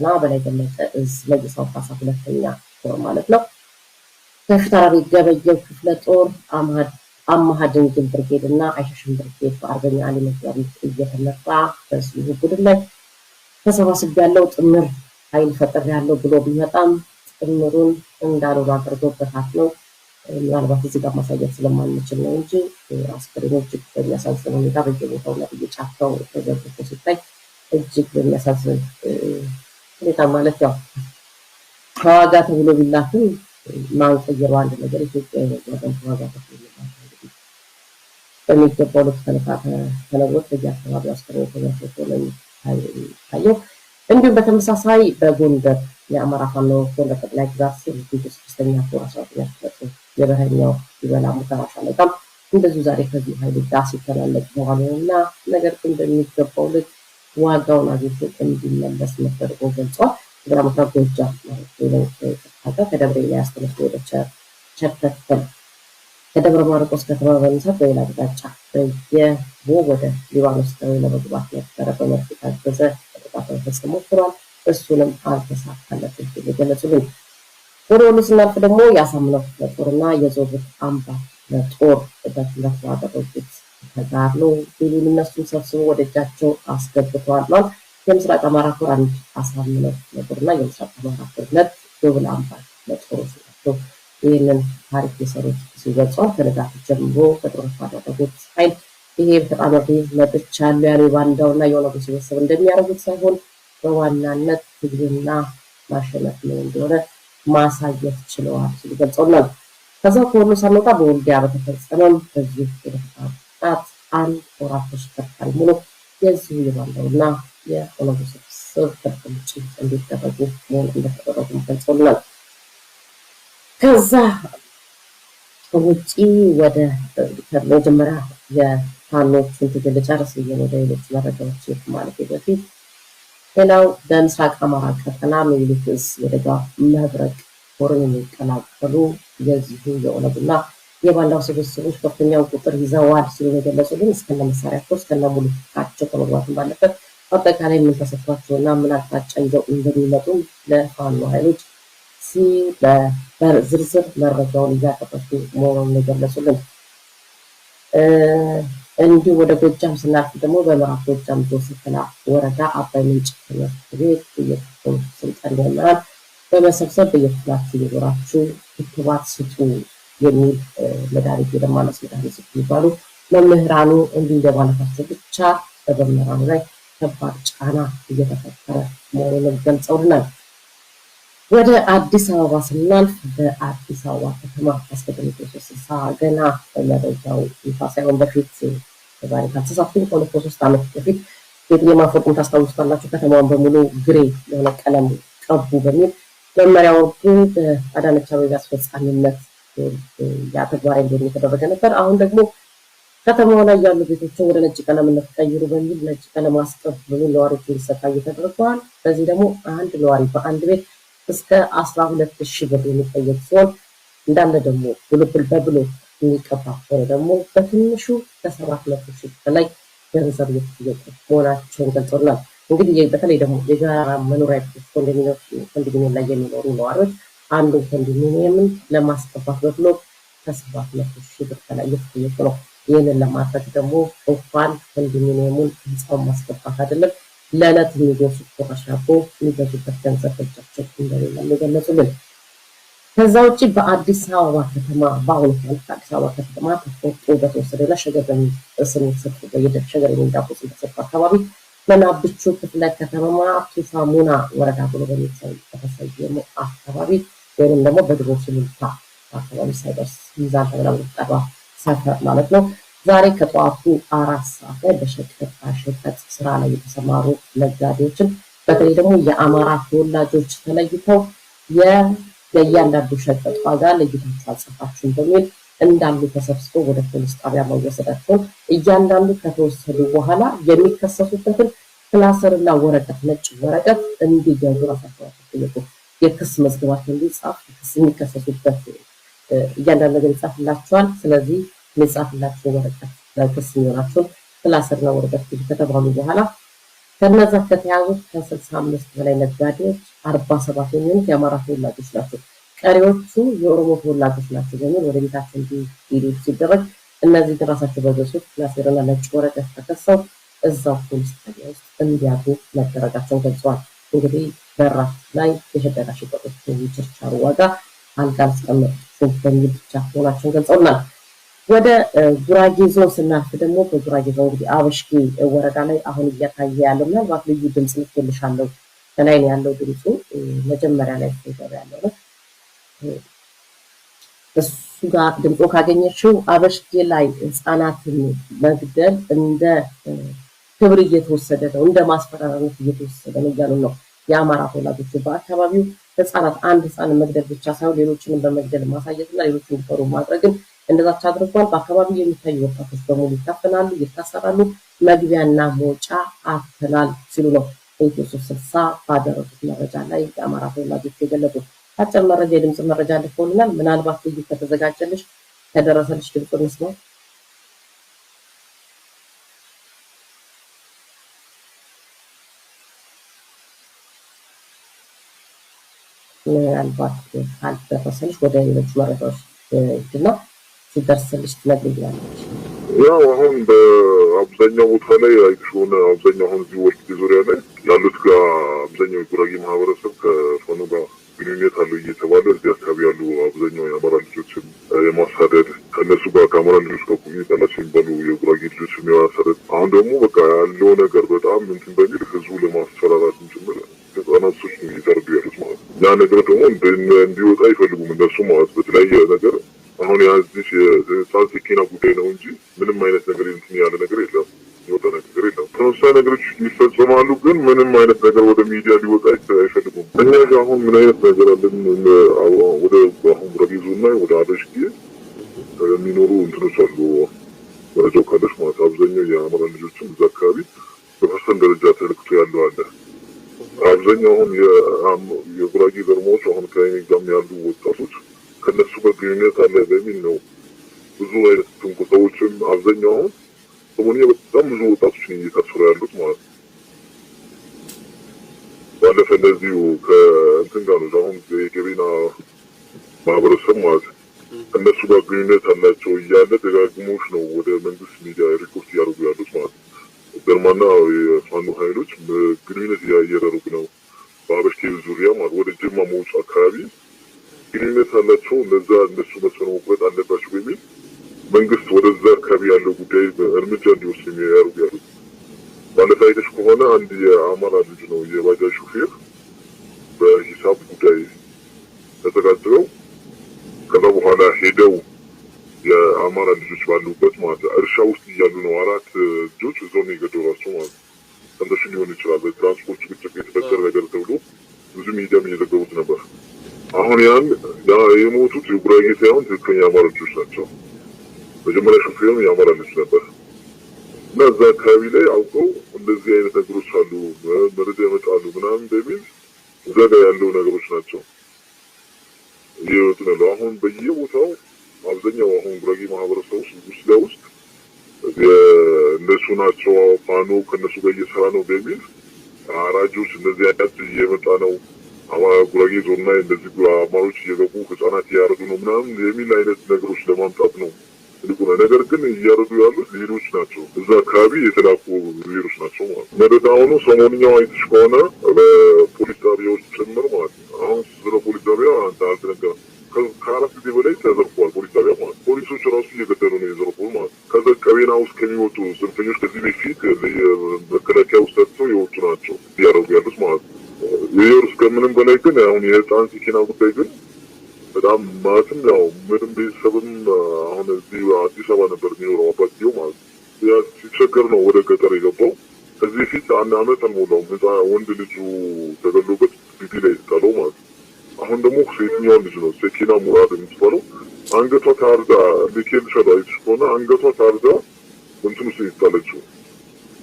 ቀጠና በላይ ገለጸ እዝ ለየሰው ካሳ ሁለተኛ ጦር ማለት ነው ከፍታራሪ ገበየው ክፍለ ጦር አማሃ ድንግል ብርጌድ እና አይሸሽን ብርጌድ በአርበኛ አሊ መጋቢት እየተመራ በዚሁ ቡድን ላይ ተሰባስብ ያለው ጥምር ኃይል ፈጥር ያለው ብሎ ቢመጣም ጥምሩን እንዳልሆነ አድርጎበታት ነው። ምናልባት እዚህ ጋር ማሳየት ስለማንችል ነው እንጂ አስክሬኑ እጅግ በሚያሳዝን ሁኔታ በየቦታው ላይ እየጫፈው ተዘርግቶ ሲታይ እጅግ በሚያሳዝን ሁኔታ ማለት ያው ከዋጋ ተብሎ ቢላትም ማንቀይረው አንድ ነገር ኢትዮጵያ ከዋጋ በሚገባው ልክ አስቀሮ እንዲሁም በተመሳሳይ በጎንደር የአማራ ፋኖ ጎንደር ጠቅላይ ግዛት ስር ስድስተኛ ኮር አስራ ሁለተኛ ክፍለ የበረኛው ይበላ ሙከራ ሻለቃም እንደዚሁ ዛሬ ከዚህ ጋር ሲተላለቅ ነገር ግን በሚገባው ልክ ዋጋውን አግኝቶ እንዲመለስ መደረጉ ገልጿል። ሲዳማ ጎጃም ማለት ሌላው ከደብረ ኤልያስ ተነስቶ ወደ ቸርከተል ከደብረ ማርቆስ ከተማ በመነሳት በሌላ አቅጣጫ በየቦ ወደ ሊባኖስ ተ ለመግባት ነበረ። በመርፍ ታገዘ ጥቃት ፈጽሞ ሞክሯል። እሱንም አልተሳካለትም ሲሉ ገለጹልን። ወደ ወሎ ስናልፍ ደግሞ የአሳምነው ክፍለ ጦርና የዞብል አምባ ክፍለ ጦር በሁለት ባደረጉት ተጋር ነው ቢሉን እነሱን ሰብስቦ ወደ እጃቸው አስገብተዋል የምስራቅ አማራ ኮር አንድ አሳምነው ነበርና የምስራቅ አማራ ኮር ሁለት ዶብል አምባ ነጦሮች ናቸው። ይህንን ታሪክ የሰሩት ሲገልጸዋል። ከንጋት ጀምሮ በጦርነት ባደረጉት ኃይል ይሄ በጣም ወደ መጥቻለሁ ያሉ የባንዳውና የኦነጉ ስብስብ እንደሚያደርጉት ሳይሆን በዋናነት ትግልና ማሸነፍ ነው እንደሆነ ማሳየት ችለዋል ሲሉ ገልጸውናል። ከዛ ከወሎ ሳንወጣ በወልዲያ በተፈጸመም በዚህ ወደ ቅጣት አንድ ሙሉ የዚሁ ስብስብ እንዲደረጉ መሆን እንደተደረጉ ገልጸውልናል። ከዛ ውጪ ወደ መጀመሪያ የፋኖቹን ትግል ወደ ሌሎች መረጃዎች ማለት በፊት ሌላው በምስራቅ አማራ ቀጠና መብረቅ የሚቀላቀሉ የዚሁ የኦነግና የባላው ስብስቦች ከፍተኛውን ቁጥር ይዘዋል ሲሉ የገለጹልን እስከነ መሳሪያቸው እስከነ ሙሉ ትጥቃቸው ከመግባትን ባለበት አጠቃላይ ምን ተሰጥቷቸው እና ምን አቅጣጫ ይዘው እንደሚመጡ ለፋኖ ኃይሎች ሲ በዝርዝር መረጃውን እያቀረቡ መሆኑን የገለጹልን። እንዲሁ ወደ ጎጃም ስናልፍ ደግሞ በምዕራብ ጎጃም ዞን ወረዳ አባይ ምንጭ ትምህርት ቤት ስልጠን ይሆናል በመሰብሰብ በየክፍላችሁ ሊኖራችሁ ክትባት ስጡ የሚል መድኃኒት የደማነስ መድኃኒት የሚባሉ መምህራኑ እንዲንደባለፋቸው ብቻ በመምህራኑ ላይ ከባድ ጫና እየተፈጠረ መሆኑንም ገልጸውልናል። ወደ አዲስ አበባ ስናልፍ በአዲስ አበባ ከተማ አስቀድሞ ፕሮሰስ ገና መረጃው ይፋ ሳይሆን በፊት ዛሬ ካልተሳሳትኩኝ ከሁለት ከሶስት ዓመት በፊት የጥሌማ ፎቅን ታስታውሱታላችሁ። ከተማዋን በሙሉ ግሬ የሆነ ቀለም ቀቡ በሚል መመሪያ ወርዱ በአዳነች አቤቤ አስፈጻሚነት ያ ተግባራዊ እንዲሆን እየተደረገ ነበር። አሁን ደግሞ ከተማው ላይ ያሉ ቤቶችን ወደ ነጭ ቀለም እንደተቀይሩ በሚል ነጭ ቀለም አስቀብ ብዙ ነዋሪዎች እንዲሰጣ እየተደርገዋል። በዚህ ደግሞ አንድ ነዋሪ በአንድ ቤት እስከ አስራ ሁለት ሺህ ብር የሚጠየቅ ሲሆን እንዳለ ደግሞ ብልብል በብሎ የሚቀባ ከሆነ ደግሞ በትንሹ ከሰባት መቶ ሺህ በላይ ገንዘብ የተጠየቁ መሆናቸውን ገልጸውናል። እንግዲህ በተለይ ደግሞ የጋራ መኖሪያ ቤቶች ኮንዶሚኒየም ላይ የሚኖሩ ነዋሪዎች አንዱ ኮንዶሚኒየምን ለማስገባት በብሎክ ከሰባት መቶ ሺህ ብር በላይ እየተጠየቁ ነው። ይህንን ለማድረግ ደግሞ እንኳን ኮንዶሚኒየሙን ህንፃውን ማስገባት አይደለም ለዕለት የሚገሱት ቆሻሻ ቦ የሚገዙበት ገንዘብ እንደሌለ የገለጹልን። ከዛ ውጭ በአዲስ አበባ ከተማ በአሁኑ ሰዓት አበባ ከተማ ተቆጡ በተወሰደና ሸገር ስም ሸገር የሚዳቦ ስም አካባቢ መናብቹ ክፍለ ከተማ ቱፋሙና ወረዳ ብሎ በሚሰየመው አካባቢ ወይም ደግሞ በድቦች ልልታ አካባቢ ሳይደርስ ሚዛን ተብላ የምትጠራው ሰፈር ማለት ነው። ዛሬ ከጠዋቱ አራት ሰዓት ላይ በሸቀጣ ሸቀጥ ስራ ላይ የተሰማሩ ነጋዴዎችን በተለይ ደግሞ የአማራ ተወላጆች ተለይተው የእያንዳንዱ ሸቀጥ ዋጋ ለይታችሁ አልጻፋችሁም በሚል እንዳሉ ተሰብስበው ወደ ፖሊስ ጣቢያ መወሰዳቸውን እያንዳንዱ ከተወሰዱ በኋላ የሚከሰሱበትን እና ወረቀት ነጭ ወረቀት እንዲገዙ ራሳቸው ጠየቁ። የክስ መዝገባቸው እንዲጻፍ ክስ የሚከሰሱበት እያንዳንድ ነገር ይጻፍላቸዋል። ስለዚህ የሚጻፍላቸው ወረቀት ለክስ የሚሆናቸው ስላስር ነው ወረቀት ብዙ ከተባሉ በኋላ ከነዛ ከተያዙት ከስልሳ አምስት በላይ ነጋዴዎች አርባ ሰባት የሚሆኑት የአማራ ተወላጆች ናቸው። ቀሪዎቹ የኦሮሞ ተወላጆች ናቸው በሚል ወደ ቤታቸው እንዲሄዱ ሲደረግ እነዚህ ግን ራሳቸው በገሶች ላሴርና ነጭ ወረቀት ተከሰው እዛው ፖሊስ ጣቢያ ውስጥ እንዲያድሩ መደረጋቸውን ገልጸዋል። እንግዲህ በራፍ ላይ የሸቀጣ ሸቀጦች የችርቻሩ ዋጋ አልጋ አላስቀመጡም በሚል ብቻ መሆናቸውን ገልጸውናል። ወደ ጉራጌ ዞን ስናልፍ ደግሞ በጉራጌ ዞን እንግዲህ አበሽጌ ወረዳ ላይ አሁን እያታየ ያለው ምናልባት ልዩ ድምፅ ልኬልሻለሁ ከላይ ያለው ድምፁ መጀመሪያ ላይ ገብ ያለው ነው። እሱ ጋር ድምፆ ካገኘችው አበሽጌ ላይ ህፃናትን መግደል እንደ ክብር እየተወሰደ ነው፣ እንደ ማስፈራሪነት እየተወሰደ ነው እያሉ ነው የአማራ ተወላጆች በአካባቢው ህጻናት አንድ ህጻን መግደል ብቻ ሳይሆን ሌሎችንም በመግደል ማሳየት ማሳየትና ሌሎች እንዲፈሩ ማድረግን እንደዛች አድርጓል። በአካባቢው የሚታዩ ወጣቶች በሙሉ ይታፈናሉ፣ ይታሰራሉ፣ መግቢያና መውጫ አተናል ሲሉ ነው በኢትዮ ሶስት ስልሳ ባደረሱት መረጃ ላይ የአማራ ተወላጆች የገለጹት። አጭር መረጃ የድምፅ መረጃ ልከውልናል። ምናልባት ልዩ ከተዘጋጀልሽ ከደረሰልሽ ድምፅ ምስ ነው ምናልባት ካልደረሰልሽ ወደ ሌሎች መረጃዎች ና ሲደርስልሽ ትነግሪኛለሽ። ያው አሁን በአብዛኛው ቦታ ላይ አይሽ ሆነ አብዛኛው አሁን እዚህ ወልድጌ ዙሪያ ላይ ያሉት ጋር አብዛኛው የጉራጌ ማህበረሰብ ከፋኖ ጋር ግንኙነት አለው እየተባለ እዚህ አካባቢ ያሉ አብዛኛው የአማራ ልጆችን የማሳደድ ከእነሱ ጋር ከአማራ ልጆች ጋር ጉብኝት አላቸው የሚባሉ የጉራጌ ልጆችን የማሳደድ አሁን ደግሞ በቃ ያለው ነገር በጣም እንትን በሚል ህዝቡ ለማስፈራራት ጭምር ህጻናቶች ነው እየተረዱ ያሉ ያ ነገር ደግሞ እንዲወጣ አይፈልጉም እነሱ ማለት በተለያየ ነገር አሁን ያዝሽ ሳንሴኬና ጉዳይ ነው እንጂ ምንም አይነት ነገር እንትን ያለ ነገር የለም፣ የወጣ ነገር የለም። ተመሳሳይ ነገሮች ይፈጸማሉ፣ ግን ምንም አይነት ነገር ወደ ሚዲያ ሊወጣ አይፈልጉም። እኛ ጋ አሁን ምን አይነት ነገር አለን? ወደ አሁን ረጊዙ እና ወደ አበሽ ጊዜ የሚኖሩ እንትኖች አሉ። መረጃው ካለች ማለት አብዛኛው የአማራ ልጆችም እዛ አካባቢ በፐርሰንት ደረጃ ተልክቶ ያለው አለ አብዛኛውን የጉራጌ ገርሞዎች አሁን ከኔ ጋም ያሉ ወጣቶች ከነሱ ጋር ግንኙነት አለ በሚል ነው ብዙ አይነት ትንቁሳዎችም አብዛኛውን ሰሞኑን በጣም ብዙ ወጣቶችን እየታሰሩ ያሉት ማለት ነው። ባለፈ እንደዚሁ ከእንትን ጋር ነው አሁን የገቤና ማህበረሰብ ማለት ነው እነሱ ጋር ግንኙነት አላቸው እያለ ደጋግሞች ነው ወደ መንግስት ሚዲያ ሪፖርት እያደርጉ ያሉት ማለት ነው። ዘርማና የፋኖ ኃይሎች ግንኙነት እያየረሩግ ነው። በአበሽቴ ዙሪያ ወደ ጅማ መውጫ አካባቢ ግንኙነት አላቸው። እነዛ እነሱ መስኖ መቁረጥ አለባቸው በሚል መንግስት ወደዛ አካባቢ ያለው ጉዳይ እርምጃ እንዲወስድ ያሩ ያሉ ማለት አይተሽ ከሆነ አንድ የአማራ ልጅ ነው የባጃጅ ሹፌር በሂሳብ ጉዳይ ተዘጋጅበው ከዛ በኋላ ሄደው የአማራ ልጆች ባሉበት እርሻ ውስጥ እያሉ ነው አራት ልጆች እዛው ነው የገደሏቸው ማለት ነው። ተንተሽ ሊሆን ይችላል በትራንስፖርት ጭቅጭቅ የተፈጠረ ነገር ተብሎ ብዙ ሚዲያም እየዘገቡት ነበር። አሁን ያን የሞቱት የጉራጌ ሳይሆን ትክክለኛ የአማራ ልጆች ናቸው። መጀመሪያ ሹፌሩ የአማራ ልጅ ነበር እና እዛ አካባቢ ላይ አውቀው እንደዚህ አይነት ነገሮች አሉ፣ መረጃ ይመጣሉ ምናምን በሚል እዛ ጋር ያለው ነገሮች ናቸው እየወጡ ነው። አሁን በየቦታው አብዛኛው አሁን ጉራጌ ማህበረሰብ ውስጥ ውስጥ እነሱ ናቸው አውጣኑ ከእነሱ ጋር እየሰራ ነው በሚል አራጆች እንደዚህ አይነት እየመጣ ነው ጉራጌ ዞን ላይ እንደዚህ አማሮች እየገቡ ህጻናት እያረዱ ነው ምናምን የሚል አይነት ነገሮች ለማምጣት ነው ትልቁነ ነገር ግን እያረዱ ያሉት ሌሎች ናቸው። እዛ አካባቢ የተላኩ ሌሎች ናቸው ማለት ነው። ሆኖ ሰሞንኛው አይትሽ ከሆነ በፖሊስ ጣቢያዎች ጭምር ማለት ነው። አሁን ስለ ፖሊስ ጣቢያ አንተ አልተነገረም። ከአራት ጊዜ በላይ ተዘርፏል ፖሊስ ጣቢያ ጤናውስ ከሚወጡ ስንፈኞች ከዚህ በፊት መከላከያ ውስጣቸው የወጡ ናቸው እያደረጉ ያሉት ማለት ነው። የየሩስ ከምንም በላይ ግን አሁን የህፃን ሲኪና ጉዳይ ግን በጣም ማለትም ያው ምንም ቤተሰብም አሁን እዚህ አዲስ አበባ ነበር የሚኖረው አባትየው ማለት ነው። ሲቸገር ነው ወደ ገጠር የገባው። ከዚህ በፊት አንድ አመት አልሞላውም ወንድ ልጁ ተገሎበት ግቢ ላይ ጣለው ማለት ነው። አሁን ደግሞ ሴትኛዋን ልጅ ነው ሰኪና ሙራድ የምትባለው አንገቷ ታርዳ ሊኬል ሸራ ከሆነ አንገቷ ታርዳ እንትኑ ውስጥ የጣለችው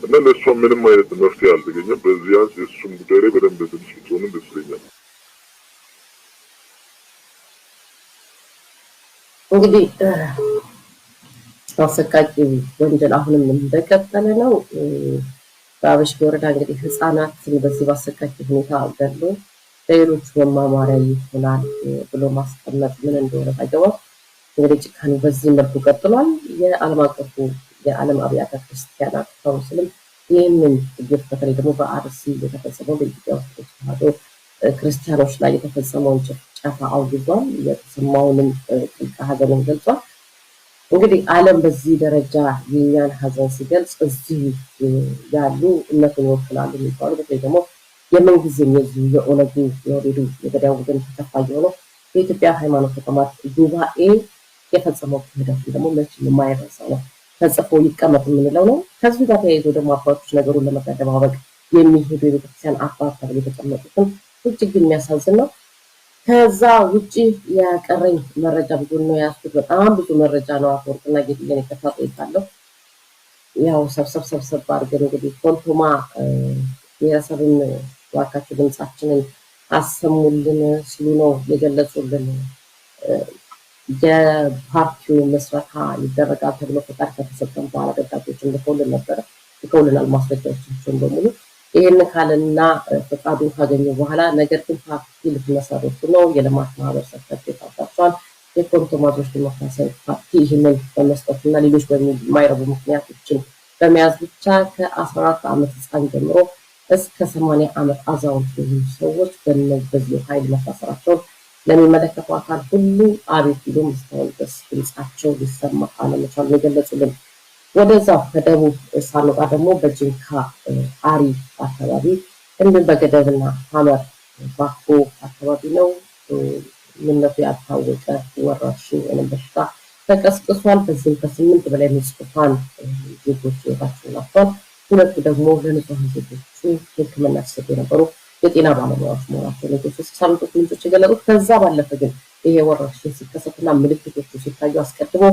እና ለእሷ ምንም አይነት መፍትሄ አልተገኘም። በዚህ ያንስ የእሱም ጉዳይ ላይ በደንብ ትንሽ ብትሆንም ደስ ይለኛል። እንግዲህ አሰቃቂ ወንጀል አሁንም እንደቀጠለ ነው። በአበሽጌ ወረዳ እንግዲህ ህፃናትን በዚህ በአሰቃቂ ሁኔታ ገድሎ ለሌሎቹ መማማሪያ ይሆናል ብሎ ማስቀመጥ ምን እንደሆነ ታገባው እንግዲህ ጭካኔው በዚህ መልኩ ቀጥሏል። የዓለም አቀፉ የዓለም አብያተ ክርስቲያናት ካውንስልም ይህንን ግፍ በተለይ ደግሞ በአርሲ የተፈጸመው በኢትዮጵያ ኦርቶዶክስ ተዋሕዶ ክርስቲያኖች ላይ የተፈጸመውን ጭፍጨፋ አውግዟል። የተሰማውንም ጥልቅ ሐዘንን ገልጿል። እንግዲህ ዓለም በዚህ ደረጃ የኛን ሐዘን ሲገልጽ እዚህ ያሉ እነቱን ይወክላሉ የሚባሉ በተለይ ደግሞ የምንጊዜም የዚሁ የኦነጉ የወሬዱ የገዳይ ወገን ተከፋይ የሆነው የኢትዮጵያ ሃይማኖት ተቋማት ጉባኤ የፈጸመው ክህደት ደግሞ መቼም የማይረሳ ነው። ተጽፎ ይቀመጥ የምንለው ነው። ከዚሁ ጋር ተያይዞ ደግሞ አባቶች ነገሩን ለመጠደባበቅ የሚሄዱ የቤተክርስቲያን አባት ተብሎ የተቀመጡትን እጅግ የሚያሳዝን ነው። ከዛ ውጭ የቀረኝ መረጃ ብዙ ነው የያዝኩት። በጣም ብዙ መረጃ ነው። አፈወርቅና ጌጥዬን የከፋ ቆይታለሁ። ያው ሰብሰብ ሰብሰብ አድርገን እንግዲህ ኮንቶማ ብሔረሰብን ዋካቸው ድምፃችንን አሰሙልን ሲሉ ነው የገለጹልን የፓርቲው መስረታ ይደረጋል ተብሎ ፈቃድ ከተሰጠን በኋላ ደብዳቤዎች እንደሆነ ነበረ ልከውልናል፣ ማስረጃዎቻቸውን በሙሉ ይህን ካልና ፈቃዱን ካገኘ በኋላ ነገር ግን ፓርቲ ልትመሰርቱ ነው፣ የልማት ማህበረሰብ ተርቤት አባቸዋል የኮንቶማዞች ዲሞክራሲያዊ ፓርቲ ይህንን በመስጠት እና ሌሎች በማይረቡ ምክንያቶችን በመያዝ ብቻ ከአስራ አራት ዓመት ህፃን ጀምሮ እስከ ሰማንያ ዓመት አዛውንት ሰዎች በዚህ ኃይል መታሰራቸውን ለሚመለከተው አካል ሁሉ አቤት ቢሉ እስካሁን ድረስ ድምፃቸው ሊሰማ አለመቻሉ የገለጹልን። ወደዛ ከደቡብ ሳንወጣ ደግሞ በጅንካ አሪ አካባቢ እንዲሁም በገደብና ሀመር ባኮ አካባቢ ነው ምነቱ ያልታወቀ ወረርሽኝ ወይም በሽታ ተቀስቅሷል። በዚህም ከስምንት በላይ ንጹሐን ዜጎች ህይወታቸውን አጥተዋል። ሁለቱ ደግሞ ለንጹሐን ዜጎቹ ሕክምና ሲሰጡ የነበሩ የጤና ባለሙያዎች መሆናቸው ነው የሳምንቶች ምንጮች የገለጡት። ከዛ ባለፈ ግን ይሄ ወረርሽኝ ሲከሰትና ምልክቶቹ ሲታዩ አስቀድሞ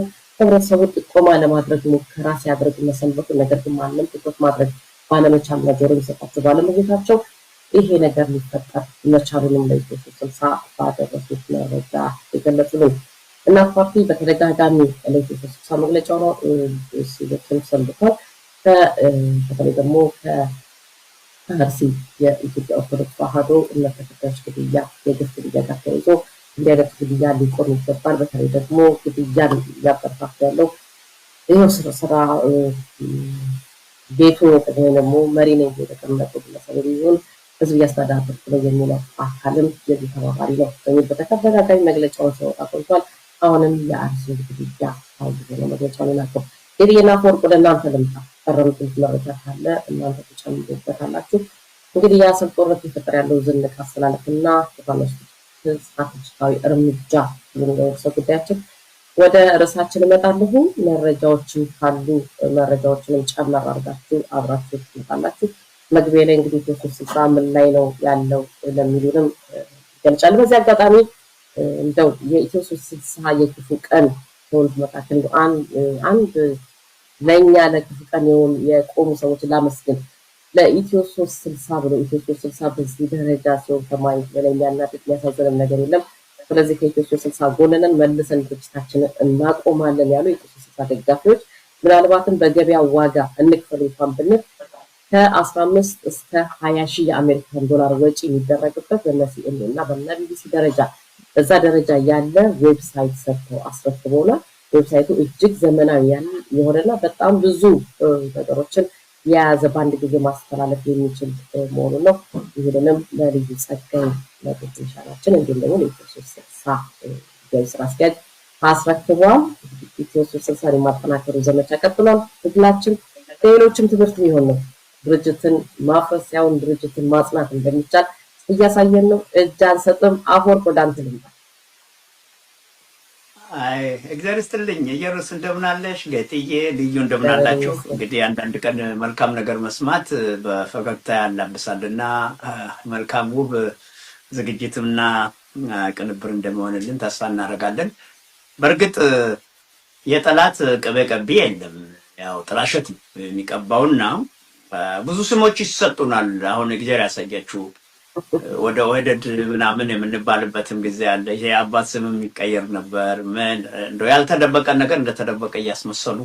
ህብረተሰቡ ጥቆማ ለማድረግ ሙከራ ሲያደርግ መሰንበቱ፣ ነገር ግን ማንም ትኩረት ማድረግ ባለመቻል ነገሩ የሚሰጣቸው ባለመቤታቸው ይሄ ነገር ሊፈጠር መቻሉንም ለኢትዮ ስልሳ ባደረሱት መረጃ የገለጹ ነው። እናት ፓርቲ በተደጋጋሚ ለኢትዮ ስልሳ መግለጫ ነው ሲልም ሰንብቷል። በተለይ ደግሞ በአርሲ የኢትዮጵያ ኦርቶዶክስ ተዋሕዶ እምነት ተከታዮች ግድያ የግፍ ግድያ ጋር ተያይዞ እንዲህ አይነቱ ግድያ ሊቆም ይገባል። በተለይ ደግሞ ግድያ እያበረታታ ያለው ይኸው ስራ ቤቱ የጠቅሞ ደግሞ መሪ ነኝ የተቀመጠ ግለሰብ የሚሆን ህዝብ እያስተዳደርኩ ነው የሚለው አካልም የዚህ ተባባሪ ነው በሚል በተከታታይ መግለጫውን ሲወጣ ቆይቷል። አሁንም የአርሲ ግድያ ታውጅ ነው መግለጫውን ናቸው የብይና አፈወርቅ ወደ እናንተ ልምጣ። ቀረምጡት መረጃ ካለ እናንተ ተጨምሩበታላችሁ። እንግዲህ የአሰብ ጦርነት የፈጠር ያለው ዝንቅ አስተላለፍና ስትራቴጂካዊ እርምጃ ርዕሰ ጉዳያችን ወደ ርዕሳችን እመጣለሁ። መረጃዎችም ካሉ መረጃዎችንም ጨመር አድርጋችሁ አብራችሁ ትመጣላችሁ። መግቢያ ላይ እንግዲህ ኢትዮ ሶስት ስልሳ ምን ላይ ነው ያለው ለሚሉንም ይገልጫል። በዚህ አጋጣሚ እንደው የኢትዮ ሶስት ስልሳ የክፉ ቀን ከወንድ መካከል አንድ ለእኛ ለክፉ ቀን የቆሙ ሰዎች ላመስግን። ለኢትዮ ሶስት ስልሳ ብሎ ኢትዮ ሶስት ስልሳ በዚህ ደረጃ ሲሆን ከማየት በላይ የሚያናድድ የሚያሳዝንም ነገር የለም። ስለዚህ ከኢትዮ ሶስት ስልሳ ጎንነን መልሰን ድርጅታችንን እናቆማለን ያሉ ኢትዮ ሶስት ስልሳ ደጋፊዎች ምናልባትም በገበያ ዋጋ እንክፈል እንኳን ብንል ከአስራ አምስት እስከ ሀያ ሺህ የአሜሪካን ዶላር ወጪ የሚደረግበት በነ እና በነ ቢቢሲ ደረጃ በዛ ደረጃ ያለ ዌብሳይት ሰርተው አስረክበውናል። ዌብሳይቱ እጅግ ዘመናዊ የሆነና በጣም ብዙ ነገሮችን የያዘ በአንድ ጊዜ ማስተላለፍ የሚችል መሆኑ ነው። ይህንንም ለልዩ ጸጋይ ለቴክኒሻናችን እንዲሁም ደግሞ ለኢትዮ ስልሳ ጉዳዩ ስራ አስኪያጅ አስረክቧል። ኢትዮ ስልሳን የማጠናከሩ ዘመቻ ቀጥሏል። ትግላችን ከሌሎችም ትምህርት የሚሆን ነው። ድርጅትን ማፍረስ ሳይሆን ድርጅትን ማጽናት እንደሚቻል እያሳየን ነው። እጅ አልሰጥም። አፈወርቅ ወደ አንተ ልምጣ። አይ እግዚአብሔር ይስጥልኝ። እየሩስ እንደምናለሽ፣ ገጥዬ ልዩ እንደምናላችሁ። እንግዲህ አንዳንድ ቀን መልካም ነገር መስማት በፈገግታ ያላብሳል እና መልካም ውብ ዝግጅትምና ቅንብር እንደሚሆንልን ተስፋ እናደርጋለን። በእርግጥ የጠላት ቅቤ ቀቢ የለም፣ ያው ጥላሸት የሚቀባውና ብዙ ስሞች ይሰጡናል። አሁን እግዚአብሔር ያሳያችሁ ወደ ወደድ ምናምን የምንባልበትም ጊዜ አለ። ይሄ አባት ስም የሚቀየር ነበር። ምን እንደው ያልተደበቀ ነገር እንደተደበቀ እያስመሰሉ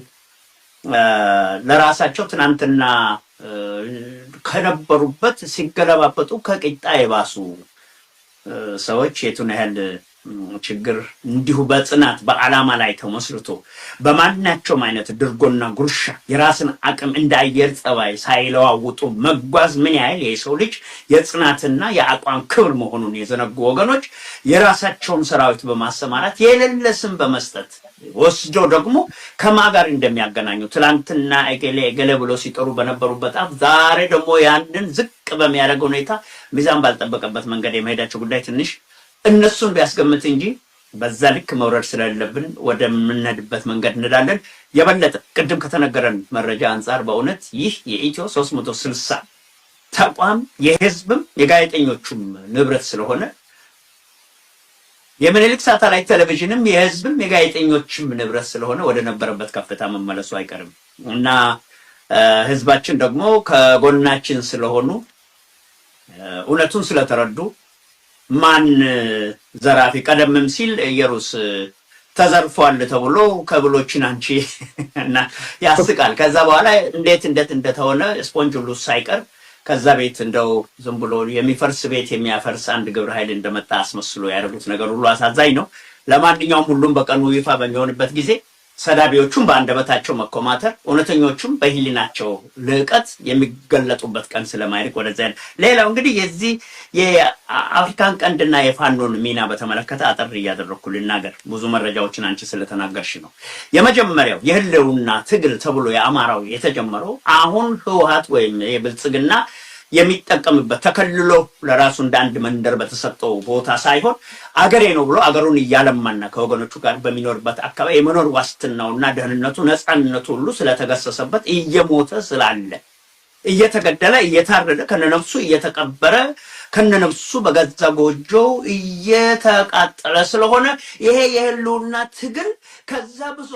ለራሳቸው ትናንትና ከነበሩበት ሲገለባበጡ ከቂጣ የባሱ ሰዎች የቱን ያህል ችግር እንዲሁ በጽናት በዓላማ ላይ ተመስርቶ በማናቸውም አይነት ድርጎና ጉርሻ የራስን አቅም እንደ አየር ጸባይ ሳይለዋውጡ መጓዝ ምን ያህል የሰው ልጅ የጽናትና የአቋም ክብር መሆኑን የዘነጉ ወገኖች የራሳቸውን ሰራዊት በማሰማራት የሌለ ስም በመስጠት ወስዶ ደግሞ ከማ ጋር እንደሚያገናኙ ትላንትና እገሌ እገሌ ብሎ ሲጠሩ በነበሩበት አፍ ዛሬ ደግሞ ያንን ዝቅ በሚያደርግ ሁኔታ ሚዛን ባልጠበቀበት መንገድ የመሄዳቸው ጉዳይ ትንሽ እነሱን ቢያስቀምጥ እንጂ በዛ ልክ መውረድ ስለሌለብን ወደምንሄድበት መንገድ እንሄዳለን። የበለጠ ቅድም ከተነገረን መረጃ አንጻር በእውነት ይህ የኢትዮ 360 ተቋም የህዝብም የጋዜጠኞቹም ንብረት ስለሆነ የምኒልክ ሳተላይት ቴሌቪዥንም የህዝብም የጋዜጠኞችም ንብረት ስለሆነ ወደ ነበረበት ከፍታ መመለሱ አይቀርም እና ህዝባችን ደግሞ ከጎናችን ስለሆኑ እውነቱን ስለተረዱ ማን ዘራፊ ቀደምም ሲል ኢየሩስ ተዘርፏል ተብሎ ከብሎችን አንቺ እና ያስቃል። ከዛ በኋላ እንዴት እንዴት እንደተሆነ ስፖንጅ ሁሉ ሳይቀር ከዛ ቤት እንደው ዝም ብሎ የሚፈርስ ቤት የሚያፈርስ አንድ ግብረ ኃይል እንደመጣ አስመስሎ ያደርጉት ነገር ሁሉ አሳዛኝ ነው። ለማንኛውም ሁሉም በቀኑ ይፋ በሚሆንበት ጊዜ ሰዳቢዎቹም በአንደበታቸው መኮማተር፣ እውነተኞቹም በህሊናቸው ልዕቀት የሚገለጡበት ቀን ስለማይርቅ ወደዚያ። ሌላው እንግዲህ የዚህ የአፍሪካን ቀንድና የፋኖን ሚና በተመለከተ አጠር እያደረግኩ ልናገር፣ ብዙ መረጃዎችን አንቺ ስለተናገርሽ ነው። የመጀመሪያው የህልውና ትግል ተብሎ የአማራው የተጀመረው አሁን ህወሀት ወይም የብልጽግና የሚጠቀምበት ተከልሎ ለራሱ እንደ አንድ መንደር በተሰጠው ቦታ ሳይሆን አገሬ ነው ብሎ አገሩን እያለማና ከወገኖቹ ጋር በሚኖርበት አካባቢ የመኖር ዋስትናውና ደህንነቱ፣ ነፃነቱ ሁሉ ስለተገሰሰበት እየሞተ ስላለ እየተገደለ እየታረደ ከነነፍሱ እየተቀበረ ከነነፍሱ በገዛ ጎጆው እየተቃጠለ ስለሆነ ይሄ የህልውና ትግል ከዛ ብዙ